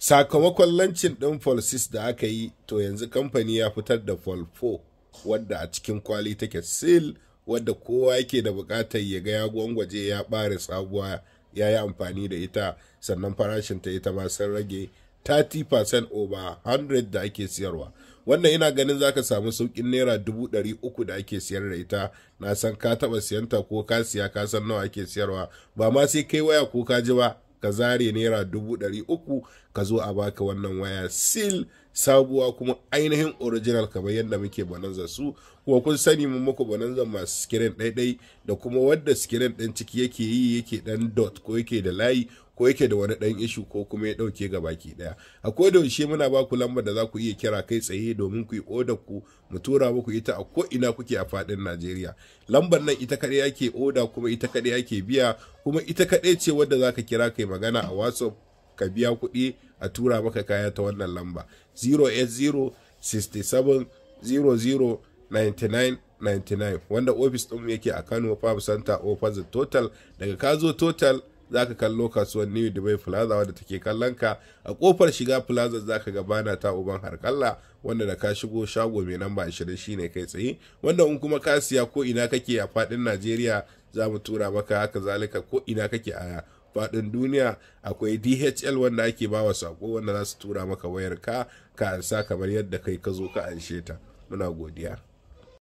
sakamakon lancin ɗin falsis da aka yi to yanzu kamfani ya fitar da falfo wadda a cikin kwali take sil wadda kowa yake da buƙatar ya ga ya gwangwaje ya bare sabuwa ya yi amfani da ita sannan farashin ta ita ma sun rage 30% over 100 da ake siyarwa wannan ina ganin za ka samu saukin naira dubu ɗari uku da ake siyar da ita na san ka taɓa siyanta ko ka siya ka san nawa ake siyarwa ba ma sai kai waya ko ka ji ba ka zare naira dubu ɗari uku ka zo a baka wannan waya sil sabuwa kuma ainihin original kamar yadda muke bananza su kuma kun sani mun muku bananza masu sikirin ɗaiɗai da kuma wadda sikirin ɗin ciki yake yi yake ɗan dot ko yake da layi ko yake da wani dan ishu ko kuma ya ɗauke ga baki ɗaya a shi muna ba ku lambar da za ku iya kira kai tsaye domin ku yi oda ku mu tura muku ita a ko ina kuke a fadin najeriya lambar nan ita kaɗai ake oda kuma ita kaɗai ake biya kuma ita kaɗai ce wadda za ka kira kai magana a whatsapp ka biya kuɗi a tura maka kaya ta wannan lamba 080 00 99 wanda ofis ɗin yake a kano farm center opposite total daga kazo total za ka kallo kasuwan new dubai plaza wadda take kallon ka a kofar shiga plaza za ka ga bana ta uban harkalla wanda da ka shigo shago mai namba 20 shine kai tsaye wanda in kuma kasiya ko ina kake a fadin najeriya za mu tura maka haka zalika ko ina kake a fadin duniya akwai dhl wanda ake ba bawa sako wanda za su tura maka wayar ka ka ansa kamar yadda kai ka zo ka anshe ta muna godiya